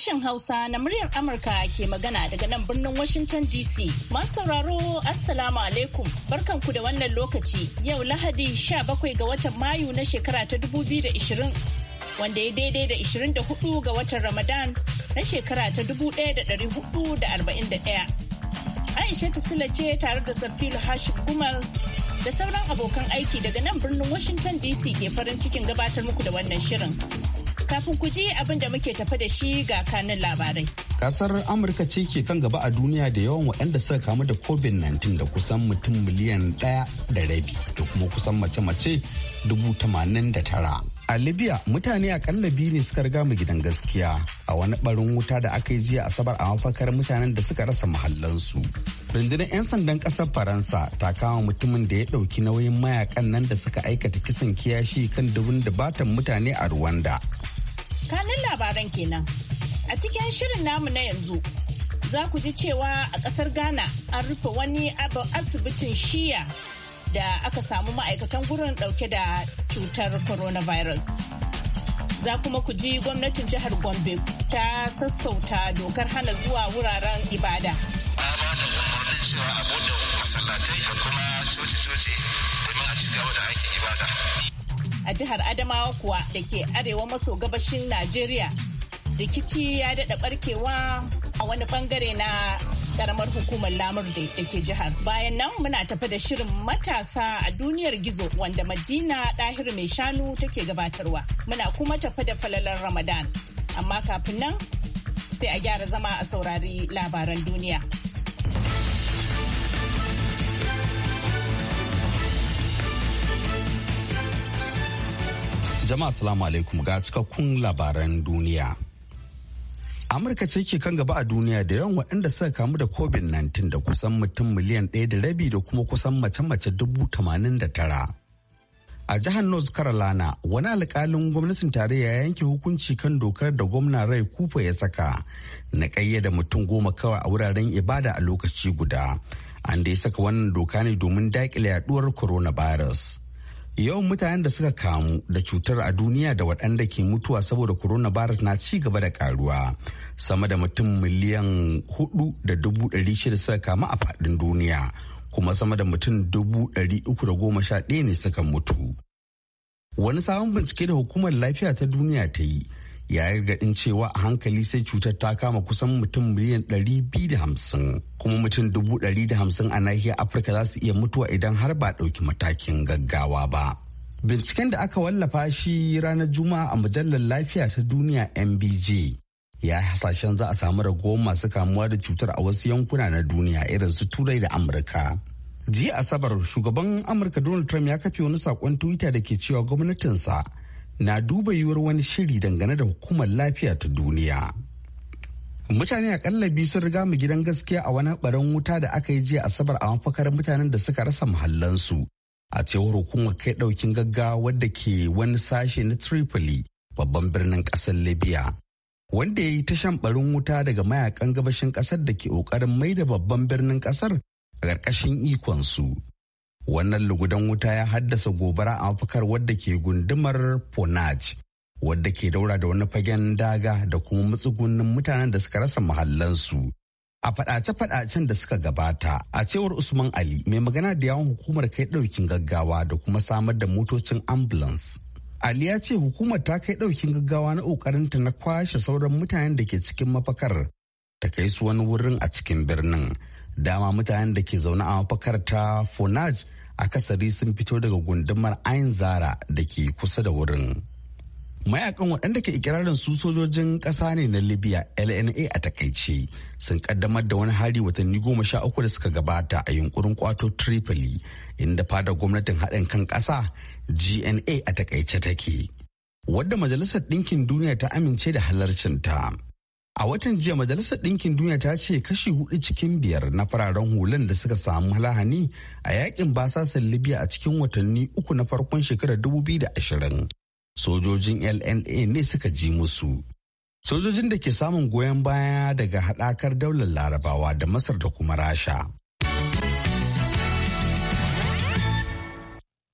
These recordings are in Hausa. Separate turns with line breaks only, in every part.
Sashen Hausa na muryar Amurka ke magana daga nan birnin Washington DC. Masu sauraro Assalamu alaikum barkanku da wannan lokaci yau Lahadi 17 ga watan Mayu na shekara ta 2020 wanda ya daidai da 24 ga watan Ramadan na shekara ta 1441. Aisha sila ce tare da Safilu Hashim Gumal da sauran abokan aiki daga nan birnin Washington DC ke farin cikin gabatar muku da wannan shirin. Kafin ku ji abin da muke tafi da shi ga kanin labarai.
Kasar Amurka ce ke kan gaba a duniya da yawan waɗanda suka kamu da COVID-19 da kusan mutum miliyan ɗaya da rabi da kuma kusan mace-mace dubu tamanin da tara. A Libya mutane akalla biyu ne suka riga mu gidan gaskiya a wani barin wuta da aka yi jiya asabar a mafakar mutanen da suka rasa mahallansu. Rundunar 'yan sandan ƙasar Faransa ta kama mutumin da ya ɗauki nauyin mayakan nan da suka aikata kisan kiyashi kan dubun da batan mutane a Ruwanda.
Kanin labaran kenan. A cikin shirin namu na yanzu za ku ji cewa a ƙasar Ghana an rufe wani asibitin shiya da aka samu ma'aikatan gurin ɗauke da cutar coronavirus. Za kuma ku ji gwamnatin jihar Gombe ta sassauta dokar hana zuwa wuraren ibada.
masallatai da kuma coci da aikin ibada.
a jihar Adamawa kuwa da ke arewa maso gabashin Najeriya. Rikici ya daɗa ɓarkewa a wani bangare na karamar hukumar lamur da ke jihar. Bayan nan muna tafi da shirin matasa a duniyar gizo wanda Madina ɗahir mai shanu take gabatarwa. Muna kuma tafi da falalar Ramadan. Amma kafin nan sai a gyara zama a saurari labaran duniya.
Jama'a salamu alaikum ga cikakkun labaran duniya. Amurka ce ke kan gaba a duniya da yawan waɗanda suka kamu da COVID-19 da kusan mutum miliyan ɗaya da rabi da kuma kusan mace-mace dubu tamanin da tara. A jihar North Carolina, wani alkalin gwamnatin tarayya ya yanke hukunci kan dokar da gwamna Rai Kufa ya saka na ƙayyada mutum goma kawai a wuraren ibada a lokaci guda. An da ya saka wannan doka ne domin daƙile yaduwar coronavirus. yawan mutanen da suka kamu da cutar a duniya da waɗanda ke mutuwa saboda coronavirus na ci gaba da karuwa sama da mutum miliyan hudu da dubu suka kamu a faɗin duniya kuma sama da mutum dubu da goma sha ɗaya ne suka mutu wani sabon bincike da hukumar lafiya ta duniya ta yi ya yi cewa a hankali sai cutar ta kama kusan mutum miliyan 250 kuma mutum 150 a nahiyar afirka za su iya mutuwa idan har ba ɗauki matakin gaggawa ba binciken da aka wallafa shi ranar juma'a a mujallar lafiya ta duniya mbj ya hasashen za a samu ragowar masu kamuwa da cutar a wasu yankuna na duniya irin su turai da amurka jiya asabar shugaban amurka donald trump ya kafe wani sakon twitter da ke cewa gwamnatinsa na duba yiwuwar wani shiri dangane da hukumar lafiya ta duniya. Mutane akalla biyu sun riga mu gidan gaskiya a wani barin wuta da aka yi jiya asabar a mafakar mutanen da suka rasa muhallansu. A cewar hukumar kai daukin gaggawa wadda ke wani sashe na Tripoli babban birnin kasar Libya. Wanda ya yi ta shan barin wuta daga mayakan gabashin kasar da ke mai da babban birnin kasar a ƙarƙashin ikonsu. Wannan lugudan wuta ya haddasa gobara a mafakar wadda ke gundumar Ponaj, wadda ke daura da wani fagen daga da kuma matsugunin mutanen da suka rasa mahallansu. A faɗace-faɗacen da suka gabata, a cewar Usman Ali mai magana da yawon hukumar kai ɗaukin gaggawa da kuma samar da motocin ambulance. Ali ya ce hukumar ta kai ɗaukin gaggawa na kokarin ta na kwashe sauran mutanen da ke cikin mafakar ta kai su wani wurin a cikin birnin. Dama mutanen da ke zaune a mafakar ta Fonaj akasari sun fito daga gundumar ayin zara da ke kusa da wurin mayakan waɗanda ke ikirarin su sojojin ƙasa ne na libya lna a takaice sun kaddamar da wani hari watanni goma sha uku da suka gabata a yunkurin kwato tripoli inda fada gwamnatin haɗin kan ƙasa gna a takaice take wadda majalisar ɗinkin duniya ta amince da halarcinta. ta A watan jiya Majalisar Ɗinkin Duniya ta ce kashi hudu cikin biyar na fararen hulan da suka samu lahani a yakin basasan Libya a cikin watanni uku na farkon shekarar 2020. Sojojin LNA ne suka ji musu. Sojojin da ke samun goyon baya daga haɗakar daular larabawa da Masar da kuma Rasha.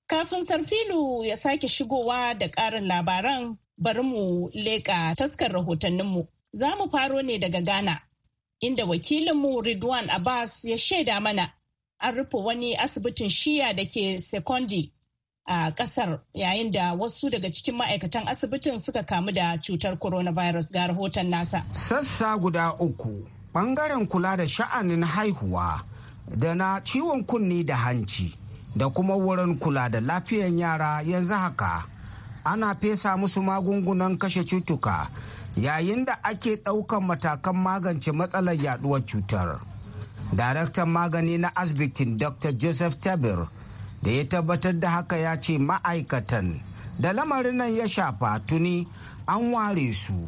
Kafin Sarfilu ya sake shigowa da ƙarin labaran bari mu leƙa taskar rahotanninmu Za mu faro ne daga Ghana, inda wakilinmu Ridwan Abbas ya shaida mana an rufe wani asibitin shiya da ke sekondi a kasar yayin da wasu daga cikin ma'aikatan asibitin suka kamu da cutar coronavirus ga rahoton nasa.
Sassa guda uku, bangaren kula da sha'anin haihuwa da na ciwon kunni da hanci da kuma wurin kula da lafiyan yara yanzu haka. Ana fesa musu magungunan kashe cutuka yayin da ake ɗaukan matakan magance matsalar yaduwar cutar. Daraktan magani na asibitin Dr. Joseph Tabir da ya tabbatar da haka ya ce ma'aikatan da lamarin nan ya shafa tuni an ware su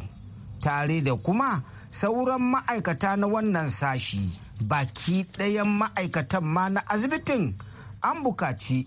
tare da kuma sauran ma'aikata na wannan sashi baki ɗayan ma'aikatan ma na asibitin an buƙaci.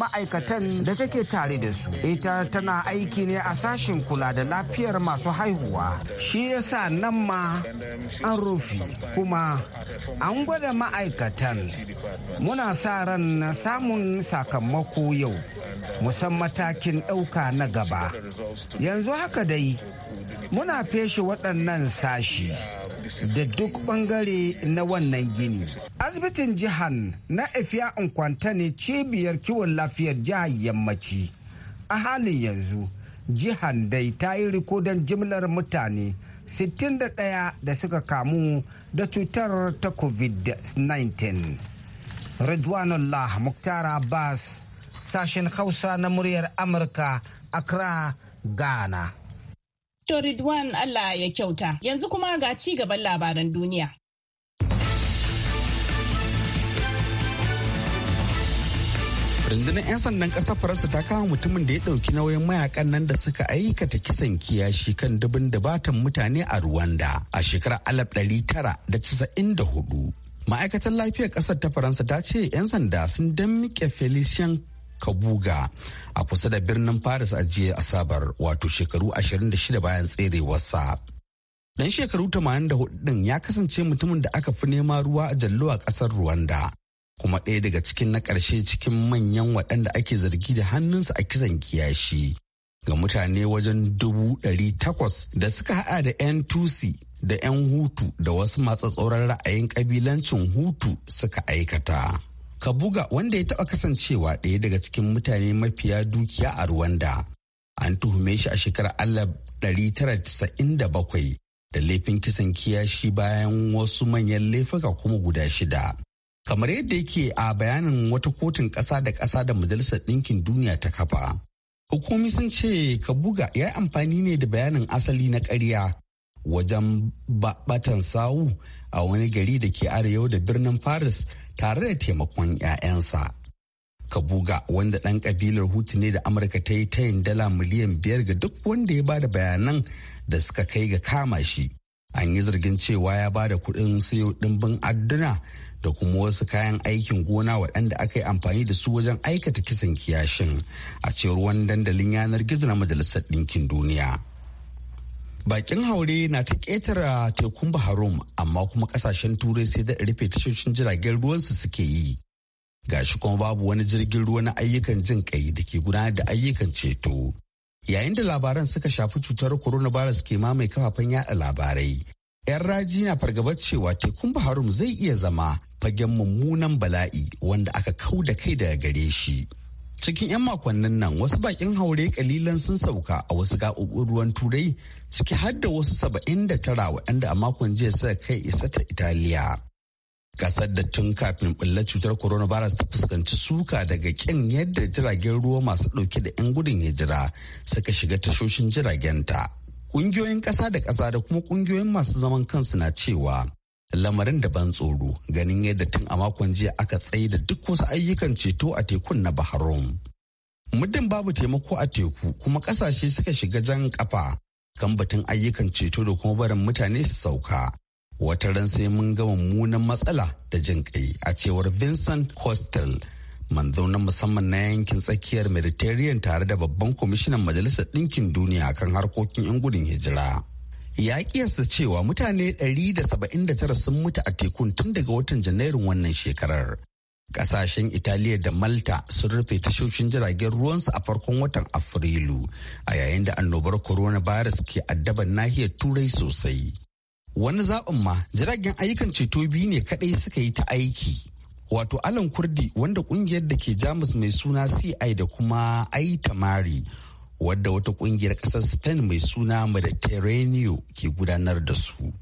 ma'aikatan da take tare da su ita tana aiki ne a sashen kula da lafiyar masu haihuwa shi yasa nan ma an rufe kuma an gwada ma'aikatan muna sa ran na samun sakamako yau musan matakin ɗauka na gaba yanzu haka dai muna feshe waɗannan sashi da duk bangare na wannan gini. Asibitin jihan na Efiya Nkwanta ne cibiyar kiwon lafiyar jihar yammaci. A halin yanzu, jihan dai ta yi rikodon jimlar mutane 61 da suka kamu da cutar ta COVID-19. Ridwanullah Mukhtar Abbas, sashen Hausa na muryar Amurka, Accra, Ghana.
To Ridwan Allah ya kyauta. Yanzu kuma ga ci gaban labaran duniya.
rundunar 'yan sandan ƙasar faransa ta kama mutumin da ya ɗauki nauyin mayakan nan da suka aikata kisan kiyashi kan dubin dubatan mutane a ruwanda a shekarar 1994 ma'aikatar lafiyar ƙasar ta faransa ta ce 'yan sanda sun dammike felician kabuga a kusa da birnin paris a jiya asabar wato shekaru 26 bayan tserewarsa dan shekaru 84 din ya kasance mutumin da aka fi nema ruwa a jallo a ƙasar rwanda kuma ɗaya daga cikin na ƙarshe cikin manyan waɗanda ake zargi da hannunsa a kisan kiyashi ga mutane wajen dubu ɗari takwas da suka haɗa da 'yan tusi da 'yan hutu da wasu tsoron ra'ayin ƙabilancin hutu suka aikata. kabuga wanda ya taɓa kasancewa ɗaya daga cikin mutane mafiya dukiya a rwanda an tuhume shi a shekarar 1997 da laifin kisan kiyashi bayan wasu manyan laifuka kuma guda shida kamar yadda yake a bayanin wata kotun ƙasa da ƙasa da majalisar ɗinkin duniya ta kafa hukumi sun ce kabuga ya yi amfani ne da bayanin asali na ƙarya wajen batan sawu a wani gari da ke arewa da birnin Paris tare da taimakon 'ya'yansa. Kabuga wanda ɗan kabilar Hutu ne da Amurka ta yi tayin dala miliyan biyar ga duk wanda ya bada bayanan da suka kai ga kama shi. An yi zargin cewa ya bada kuɗin sayo ɗimbin adduna da kuma wasu kayan aikin gona waɗanda aka yi amfani da su wajen aikata kisan kiyashin a cewar wani dandalin yanar gizo na Majalisar Ɗinkin Duniya. bakin haure na ta ƙetara tekun baharum amma kuma kasashen turai sai da rufe tashoshin jiragen ruwansu suke yi gashi kuma babu wani jirgin ruwa na ayyukan jin kai da ke gudanar da ayyukan ceto yayin da labaran suka shafi cutar corona coronavirus ke mamaye kafafen yada labarai yan raji na fargabar cewa tekun baharum zai iya zama fagen mummunan bala'i wanda aka kau da kai daga gare shi cikin 'yan makonnin nan wasu bakin haure kalilan sun sauka a wasu gaɓoɓin ruwan turai ciki har da wasu saba'in da tara waɗanda a makon jiya suka kai isa ta italiya kasar da tun kafin ɓullar cutar coronavirus ta fuskanci suka daga kin yadda jiragen ruwa masu ɗauke da 'yan gudun ya hijira suka shiga tashoshin jiragenta ƙungiyoyin ƙasa da ƙasa da kuma ƙungiyoyin masu zaman kansu na cewa lamarin da ban tsoro ganin yadda tun a makon jiya aka tsaye da duk wasu ayyukan ceto a tekun na Bahrain. Muddin babu taimako a teku kuma kasashe suka shiga jan kafa kan batun ayyukan ceto da kuma barin mutane su sauka. Wata ran sai mun ga mummunan matsala da jin kai a cewar Vincent Costel, man zauna musamman na yankin tsakiyar Mediterranean tare da babban kwamishinan Majalisar Dinkin Duniya kan harkokin 'yan gudun hijira. ya kiyasta cewa mutane 179 sun mutu a tekun tun daga watan janairun wannan shekarar. Kasashen Italiya da Malta sun rufe tashoshin jiragen ruwansu a farkon watan Afrilu a yayin da annobar coronavirus ke addaban nahiyar Turai sosai. Wani zaɓin ma jiragen ayyukan ceto biyu ne kaɗai suka yi ta aiki. wato alan kurdi wanda ƙungiyar da ke jamus mai suna ci da kuma Mari. wadda wata kungiyar ƙasar spain mai suna mediterranean ke gudanar da su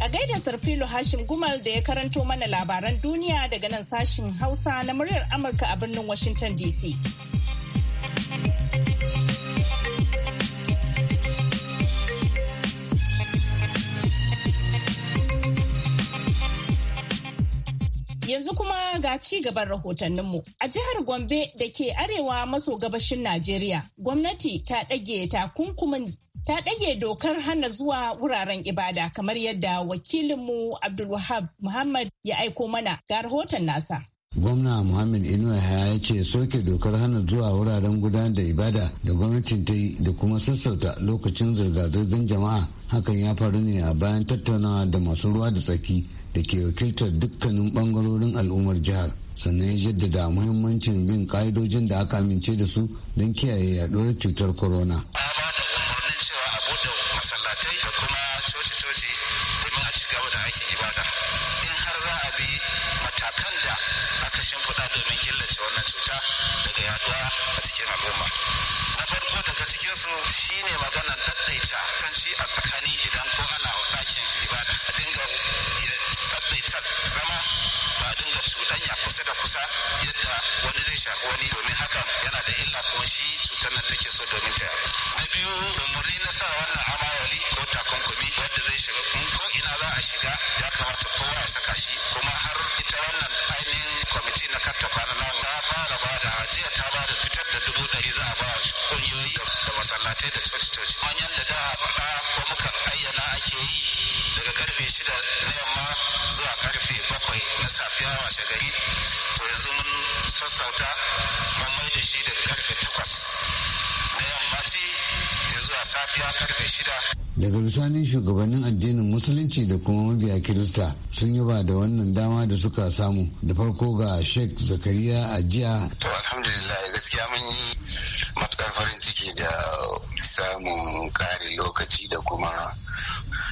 a gaida sarfilo hashim gumal da ya karanto mana labaran duniya daga nan sashin hausa na muryar amurka a birnin washington dc Yanzu kuma ga ci gaban rahotanninmu. A jihar Gombe da ke arewa maso gabashin Najeriya, gwamnati ta ɗage takunkumin ta ɗage dokar hana zuwa wuraren ibada kamar yadda wakilinmu Abdulwahab Muhammad ya aiko mana ga rahoton nasa.
gwamna muhammad inuwa ya ce soke dokar hana zuwa wuraren gudanar da ibada da gwamnatin ta yi da kuma sassauta lokacin zirga-zirgar jama'a hakan ya faru ne a bayan tattaunawa da masu ruwa da tsaki da ke wakiltar dukkanin bangarorin al'ummar jihar sannan ya jaddada muhimmancin bin ka'idojin da aka amince da su don kiyaye yaduwar cutar corona.
al'umma na farko daga cikin cikinsu shine magana daddaita shi a tsakani idan ko ana wa ɗakin ibada a dinga daddaita zama ba dinga cuɗanya kusa da kusa yadda wani zai shafi wani domin hakan yana da illa kuma shi cutar nan take so domin ta na biyu umuri na sa wannan amawali ko takunkumi wanda zai shiga ko ina za a shiga ya kamata kowa ya saka shi
masu shugabannin addinin musulunci da kuma mabiya kirista sun yaba da wannan dama da suka samu da farko ga sheikh zakariya a jiya
to alhamdulillah gaskiya mun yi
matukar farin ciki da samun ƙarin lokaci da kuma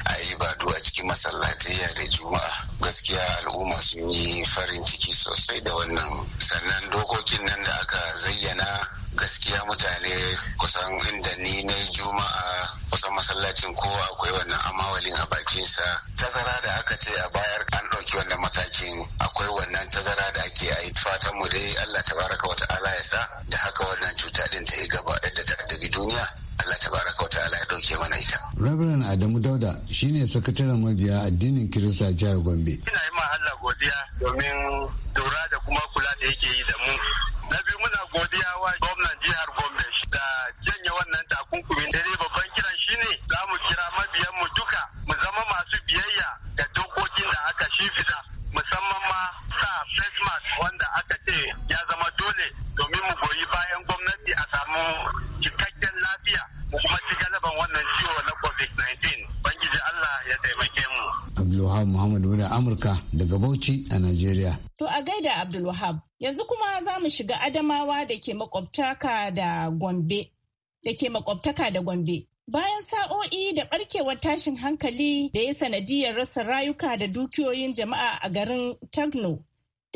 a yi badu a cikin masallatayya da juma'a gaskiya al'umma sun yi farin ciki sosai da wannan sannan dokokin nan da aka zayyana gaskiya mutane kusan inda ni na juma'a kusan masallacin kowa akwai wannan amawalin a bakinsa tazara da aka ce a bayar an ɗauki wannan matakin akwai wannan tazara da ake a yi fatan mu dai Allah tabaraka wata ala ya sa da haka wannan cuta din ta yi gaba yadda ta addabi duniya Allah tabaraka wata ya ɗauke mana ita.
Reverend Adamu Dauda shine sakataren mabiya addinin Kirista jihar Gombe. Ina yi ma Allah
godiya domin lura da kuma kula da yake yi da mu aka ce ya zama dole domin mu goyi bayan gwamnati a samu cikakken lafiya mu kuma ci galaban wannan ciwo na covid-19
bangiji allah
ya taimake mu
abdulwahab muhammad wurin amurka daga bauchi a Najeriya.
to a gaida abdulwahab yanzu kuma za mu shiga adamawa da ke makwabtaka da gombe da ke makwabtaka da gombe Bayan sa'o'i da barkewar tashin hankali da ya sanadiyar rasa rayuka da dukiyoyin jama'a a garin Tagno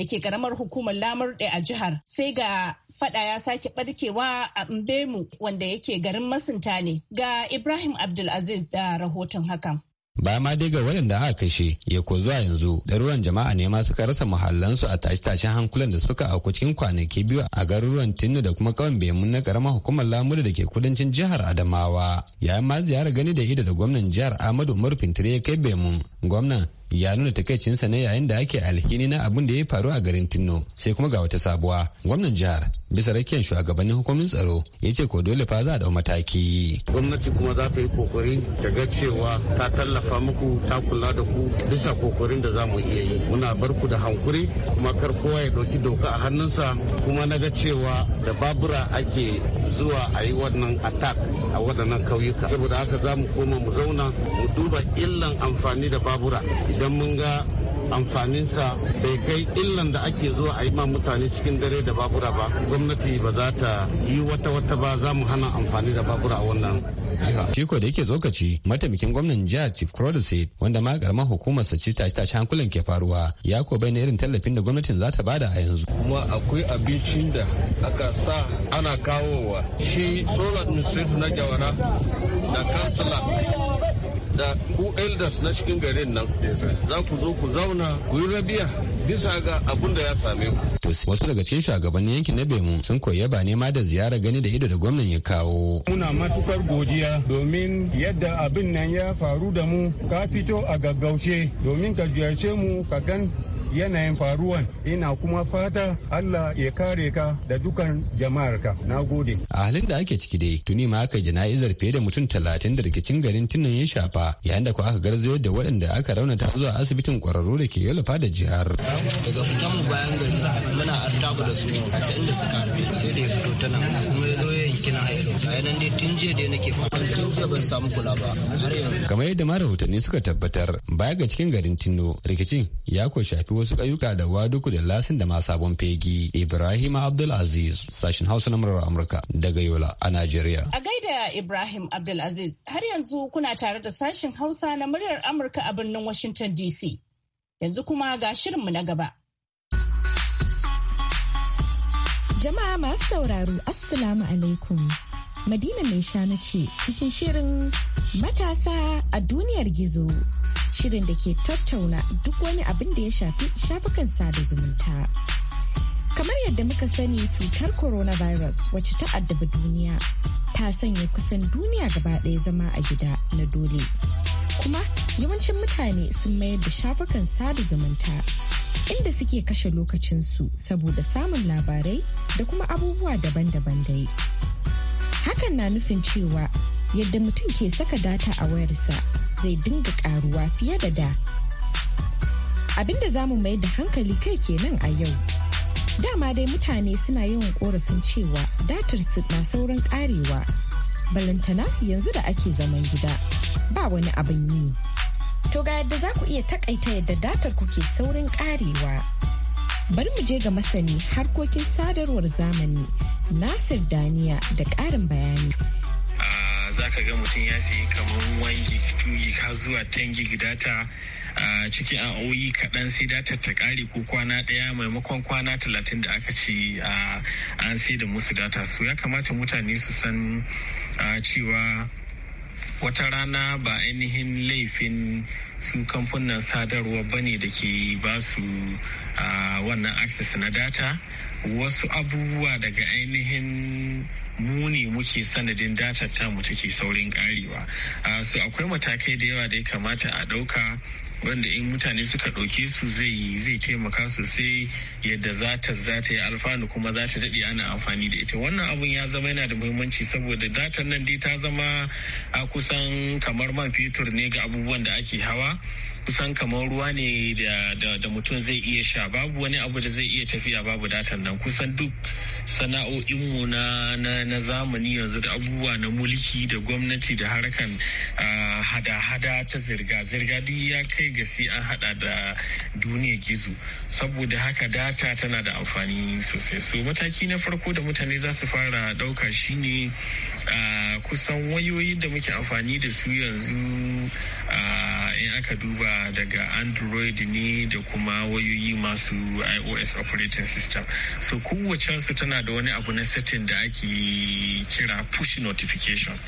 da ke karamar hukumar lamurɗe a jihar sai ga fada ya sake barkewa a mbemu wanda yake garin masinta ne ga ibrahim abdulaziz da rahoton hakan
ba ma dai ga waɗanda aka kashe ya ko zuwa yanzu ɗaruran jama'a ne ma suka rasa muhallansu a tashe-tashen hankulan da suka auku cikin kwanaki biyu a garuruwan tinnu da kuma kawan bemu na karamar hukumar lamuri da ke kudancin jihar adamawa yayin ma ziyarar gani da ido da gwamnan jihar ahmadu umar fintire ya kai bemu gwamnan ya nuna takaicinsa ne yayin da ake alhini na abin da ya faru a garin tinno sai kuma ga wata sabuwa gwamnan jihar bisa rakiyar shugabannin hukumin tsaro ya ce ko dole fa za a dau mataki
gwamnati kuma za ta yi kokari ta ga cewa ta tallafa muku ta kula da ku bisa kokarin da za mu iya yi muna bar ku da hankuri kuma kar kowa ya dauki doka a hannunsa kuma na ga cewa da babura ake zuwa a yi wannan attack a waɗannan kauyuka saboda haka za mu koma mu zauna mu duba illan amfani da babura idan mun ga amfaninsa bai kai illan da ake zuwa a yi ma mutane cikin dare da babura ba gwamnati ba za ta yi wata wata ba za mu hana amfani da babura a wannan
ciko da yake tsokaci mataimakin gwamnan jihar Chief Crowley wanda ma karamar hukumar sa ce tashi tashi hankulan ke faruwa ya ko bayyana irin tallafin da gwamnatin za ta bada
a yanzu. Kuma akwai abincin da aka sa ana kawowa shi solar administrator na jawara da kansila da ku elders na cikin garin nan za ku zo ku zauna ku yi rabiya bisa ga abun da ya same
ku. wasu daga cikin shugabannin yankin na Bemu sun koyi yaba ne ma da ziyara gani da ido da gwamnan ya kawo. Muna matukar godiya domin yadda abin nan ya faru da mu ka fito a gaggauce domin ka ziyarce mu ka gan yanayin faruwan ina kuma fata Allah ya kare ka da dukan ka na gode a halin da ake ciki dai tuni ma aka jana'izar fiye da mutum talatin da rikicin garin tunan ya shafa yayin da ku aka garzayo da waɗanda aka raunata zuwa asibitin kwararru da ke yalafa da jihar
daga
fitan mu bayan gari muna artabu da su a inda suka harbe sai da ya fito tana kuma ya zo kina hailo jiya da nake tun kula ba har yanzu kamar yadda ma rahotanni suka tabbatar baya ga cikin garin Tino rikicin ya ko shafi wasu ƙauyuka da waduku da lasin da ma sabon fegi Ibrahim AbdulAziz Sashen Hausa na murar Amurka daga Yola a Najeriya
a gaida Ibrahim AbdulAziz, har yanzu kuna tare da sashen Hausa na muryar Amurka a birnin Washington DC yanzu kuma ga shirinmu na gaba Jama'a masu sauraro Assalamu
alaikum. Madina mai shanu ce cikin shirin matasa a duniyar gizo. Shirin da ke tattauna duk wani abin da ya shafi shafukan sada zumunta. Kamar yadda muka sani cutar coronavirus wacce ta addabi duniya ta sanya kusan duniya gaba ɗaya zama a gida na dole. Kuma yawancin mutane sun mayar da shafukan sada zumunta inda suke kashe lokacinsu saboda samun labarai da kuma abubuwa daban-daban dai. Hakan na nufin cewa yadda mutum ke saka data a wayarsa zai dinga karuwa fiye da da. Abinda za mu mai da hankali kai kenan a yau. Dama dai mutane suna yawan korafin cewa datar su na sauran karewa. Balantana yanzu da ake zaman gida ba wani abin yi. To ga yadda za ku iya takaita yadda datar ku ke saurin karewa. Bari mu je ga masani harkokin sadarwar zamani Nasir Daniya da ƙarin bayani.
za ka ga mutum ya sayi kamar 1 gig ka zuwa 10 gig data a cikin kaɗan sai data ta ƙare ko kwana ɗaya maimakon kwana talatin da aka ce an sai da musu data su ya kamata mutane su san cewa wata rana ba ainihin laifin su kamfunan sadarwa ba ne da ke ba su wannan access na data wasu abubuwa daga ainihin muni muke sanadin data ta mu take saurin karewa su akwai matakai da yawa da ya kamata a ɗauka wanda in mutane suka ɗauke su zai zai taimaka sosai yadda za ta za ta yi alfanu kuma za ta daɗe ana amfani da ita wannan abun ya zama yana da muhimmanci saboda datan nan dai ta zama a kusan kamar man fetur ne ga abubuwan da ake hawa kusan kamar ruwa ne da mutum zai iya sha babu wani abu da zai iya tafiya babu datan nan kusan duk sana'o'inmu na, na, zamani yanzu da abubuwa na mulki da gwamnati da harkan hada-hada ta zirga-zirga duk ya kai ga sai an hada da duniya gizo saboda haka data tana da amfani sosai so mataki na farko da mutane za su fara dauka shine kusan wayoyin da muke amfani da su yanzu in aka duba ba daga android ne da kuma wayoyi masu ios operating system so kowacensu tana da wani abu na setting da ake kira push notification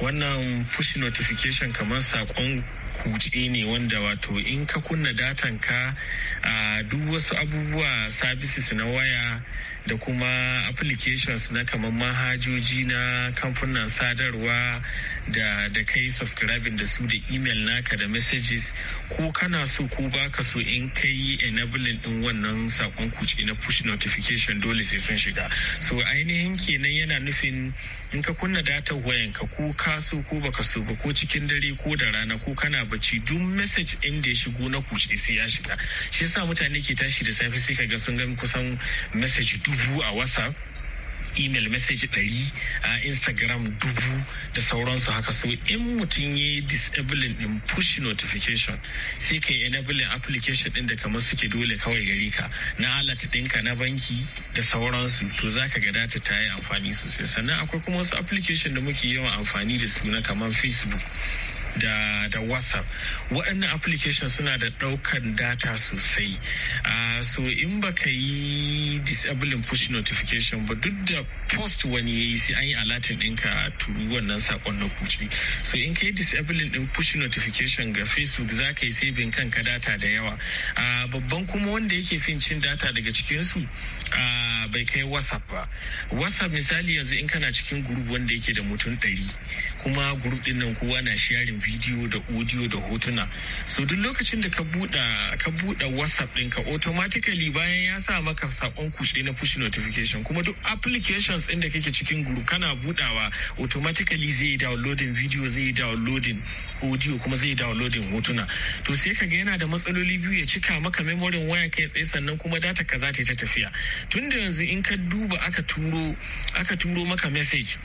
wannan push notification kamar saƙon kuce ne wanda wato in ka kunna datan ka a duk wasu abubuwa services na waya da kuma applications na kamar mahajoji na kamfunan sadarwa da da kai subscribing da su da email naka da messages ko kana so ko baka so in kai enabling din wannan sakon kuce na push notification dole sai sun shiga so ainihin kenan yana nufin in ka kunna datan wayanka ko ka so ko baka so ba ko cikin dare ko da rana ko kana kana bacci duk message ɗin da ya shigo na kuce sai ya shiga shi yasa mutane ke tashi da safe sai kaga sun ga kusan message dubu a whatsapp email message ɗari a instagram dubu da sauransu haka so in mutum ya yi disabling din push notification sai ka yi enabling application din da kamar suke dole kawai gari ka na alat ɗinka na banki da sauransu to za ka ga data ta yi amfani sosai sannan akwai kuma wasu application da muke yawan amfani da su na kamar facebook da, da whatsapp waɗannan application suna da ɗaukan data sosai uh, so in baka yi disabling push notification ba duk da post wani ya yi sai an yi alatin ɗinka a turu wannan sakon na kuci so in ka yi disabling ɗin push notification ga facebook za ka yi saving kanka data da yawa uh, babban kuma wanda yake fin cin data daga cikinsu uh, bai kai whatsapp ba whatsapp misali yanzu in kana cikin group wanda yake da mutum ɗari kuma gurup din nan kowa na sharing video da audio da hotuna so duk lokacin da ka buɗe whatsapp ɗinka automatically bayan ya sa maka sakon kuce na push notification kuma duk applications ɗin da kake cikin group kana buɗawa automatically zai downloading video zai downloading audio kuma zai downloading hotuna to sai ka ga yana da matsaloli biyu ya cika maka memory waya kai tsaye sannan kuma data ka za ta tafiya tunda yanzu in ka duba aka turo aka turo maka message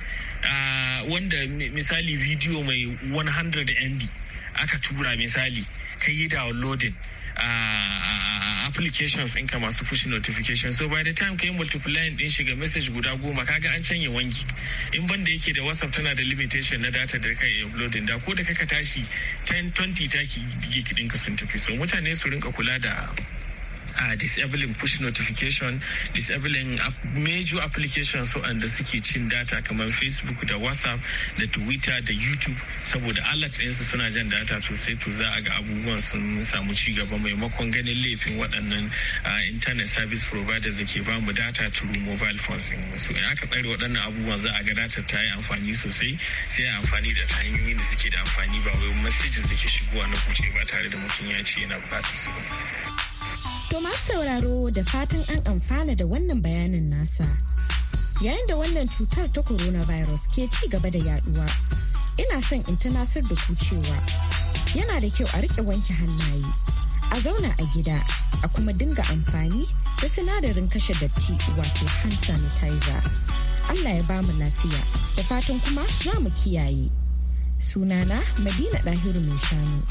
Ah, wanda misali video mai 100 mb aka tura misali ka yi downloading a ah, applications ɗinka masu push notification so by the time ka yi ɗin shiga message guda goma kaga an canye wangi in banda yake da whatsapp tana da limitation na data da kai uploading da ko da kaka tashi 10 20 taki gig ɗinka sun tafi so mutane su rinka kula da uh, disabling push notification disabling ap major applications waɗanda suke cin data kamar facebook da whatsapp da twitter da youtube saboda alert ɗinsu suna jan data to sai to za a ga abubuwan sun samu ci gaba maimakon ganin laifin waɗannan uh, internet service providers da ke ba mu data through mobile phones so in aka tsare waɗannan abubuwan za a ga data ta yi amfani sosai sai a amfani da hanyoyin da suke da amfani ba wai messages da ke shigowa na kuce ba tare da mutum ya ce yana bukatar su ba.
To masu sauraro da fatan an amfana da wannan bayanin nasa. Yayin da wannan cutar ta coronavirus ke ci gaba da yaduwa, ina son in ta tunasar da ku cewa yana da kyau a riƙe wanke hannaye, a zauna a gida, a kuma dinga amfani da sinadarin kashe datti wato hand sanitizer. Allah ya ba mu lafiya, da fatan kuma za mu kiyaye. Sunana Madina Ɗahiru Mai Shanu.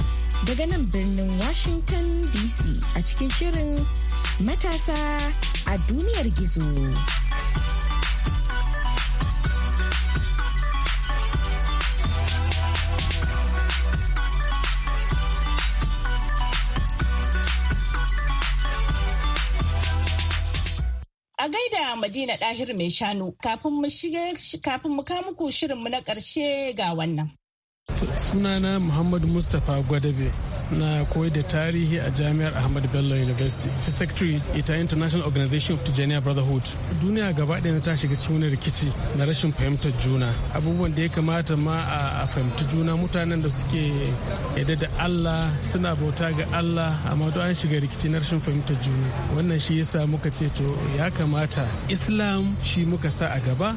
daga nan birnin Washington DC a cikin shirin matasa a duniyar gizo.
A gaida Madina Dahir mai shanu kafin mu muku shirin mu na ƙarshe ga wannan.
sunana Muhammadu mustapha gwadabe na koyar da tarihi a jami'ar ahmad bello university ta secretary ita international organization of tijaniya brotherhood duniya gaba ɗaya ta shiga cikin rikici na rashin fahimtar juna abubuwan da ya kamata ma a fahimci juna mutanen da suke yadda da allah suna bauta ga allah amma duk an shiga rikici na rashin fahimtar juna wannan shi yasa muka ce to ya kamata islam shi muka sa a gaba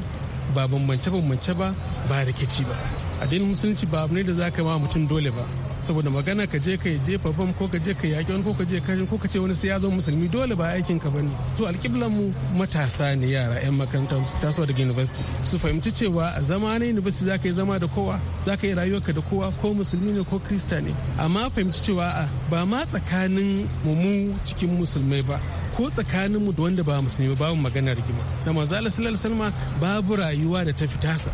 ba bambance-bambance ba ba rikici ba addinin musulunci ba abu ne da za ka ma mutum dole ba saboda magana ka je ka jefa bam ko ka je ka yaƙi wani ko ka je kashin ko ka ce wani sai ya zo musulmi dole ba aikin ka bane to alƙiblan mu matasa ne yara yan makaranta su taso daga university su fahimci cewa a zama na university za ka yi zama da kowa za ka yi rayuwarka da kowa ko musulmi ne ko krista ne amma fahimci cewa ba ma tsakanin mu mu cikin musulmai ba ko tsakanin mu da wanda ba musulmi ba babu magana rigima da manzo Allah sallallahu alaihi wasallam babu rayuwa da ta fitasa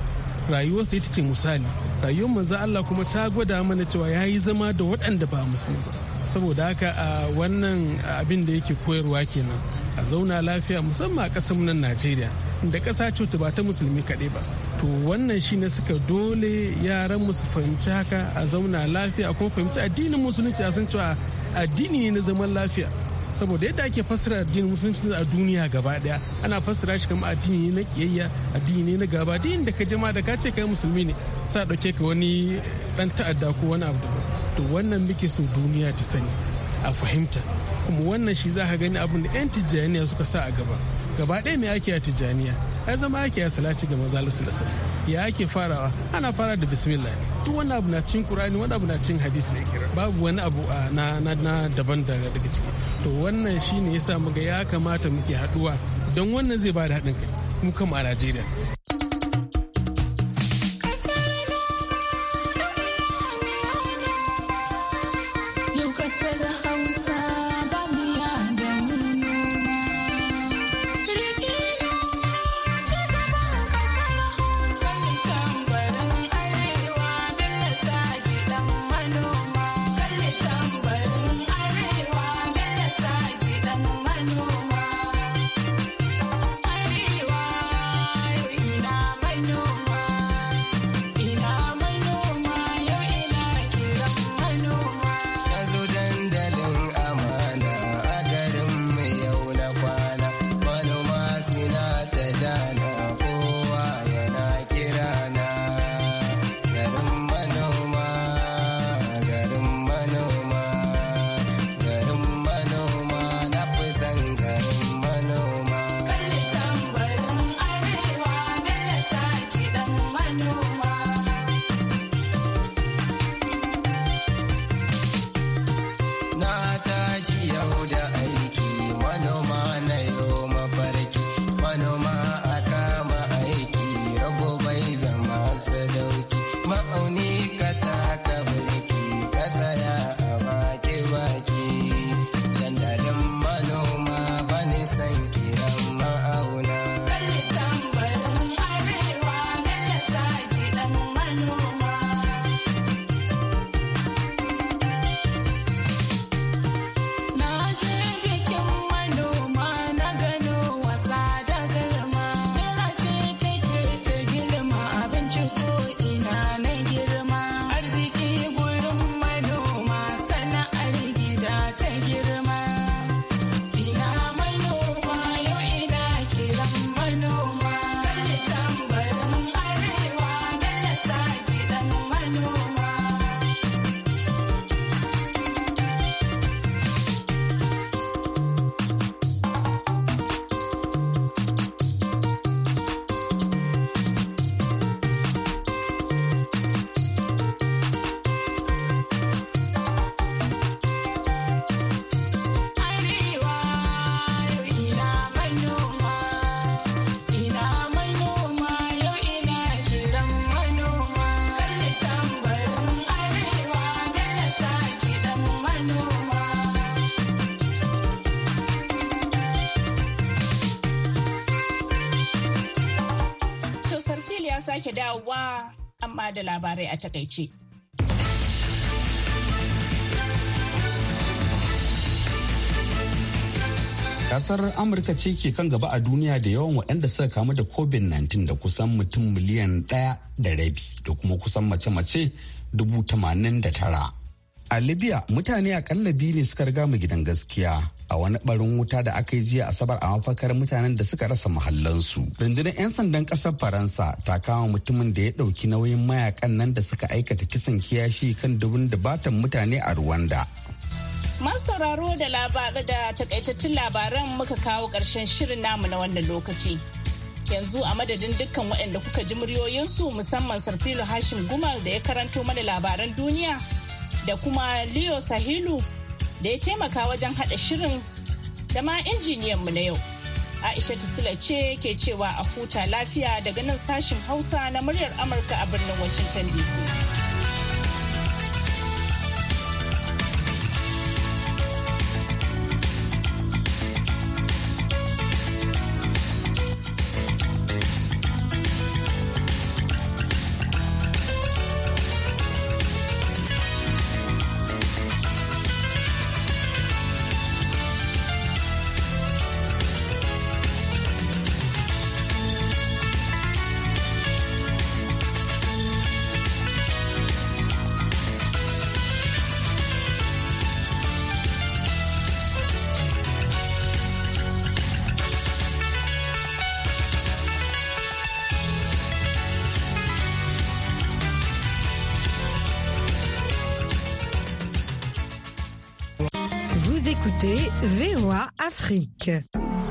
rayuwarsa ita ce misali rayuwar manzo Allah kuma ta gwada mana cewa ya yi zama da waɗanda ba musulmi ba saboda haka a wannan abin da yake koyarwa kenan a zauna lafiya musamman a ƙasar nan Najeriya da ƙasa ce ba ta musulmi kaɗai ba to wannan shi ne suka dole yaran su fahimci haka a zauna lafiya ko fahimci addinin musulunci a san cewa addini ne na zaman lafiya saboda yadda ake fassara addinin musulunci a duniya gaba daya ana fassara shi kamar addini ne na kiyayya addini ne na gaba din da ka jama da ka ce kai musulmi ne sa dauke ka wani dan ta'adda ko wani abu to wannan muke so duniya ta sani a fahimta kuma wannan shi za ka gani abin da yan tijjaniya suka sa a gaba gaba daya me ake a tijjaniya ai zama ake ya salati ga maza alisu da ya ake farawa ana fara da bismillah duk wani abu na cin kurani wani abu na cin hadisi babu wani abu na na daban daga ciki to wannan shine yasa muga ya kamata muke haduwa don wannan zai ba da haɗin kai mu kama a najeriya
take it
da labarai a takaice.
Kasar Amurka ce ke kan gaba a duniya da yawan waɗanda suka kamu da COVID-19 da kusan mutum miliyan ɗaya da rabi da kuma kusan mace-mace dubu tamanin da tara. A Libya mutane akalla biyu ne suka riga mu gidan gaskiya a wani barin wuta da aka yi jiya asabar a mafakar mutanen da suka rasa mahallansu rundunar 'yan sandan kasar faransa ta kama mutumin da ya ɗauki nauyin mayakan nan da suka aikata kisan kiyashi kan dubun da batan mutane a Rwanda.
masu sauraro da labarai da takaitattun labaran muka kawo ƙarshen shirin namu na wannan lokaci yanzu a madadin dukkan waɗanda kuka ji muryoyinsu musamman sarfilo hashim gumal da ya karanto mana labaran duniya da kuma leo sahilu da ya taimaka wajen haɗa shirin da ma mu na yau. Aisha Tisila ce ke cewa a huta lafiya daga nan sashin Hausa na muryar Amurka a birnin Washington DC.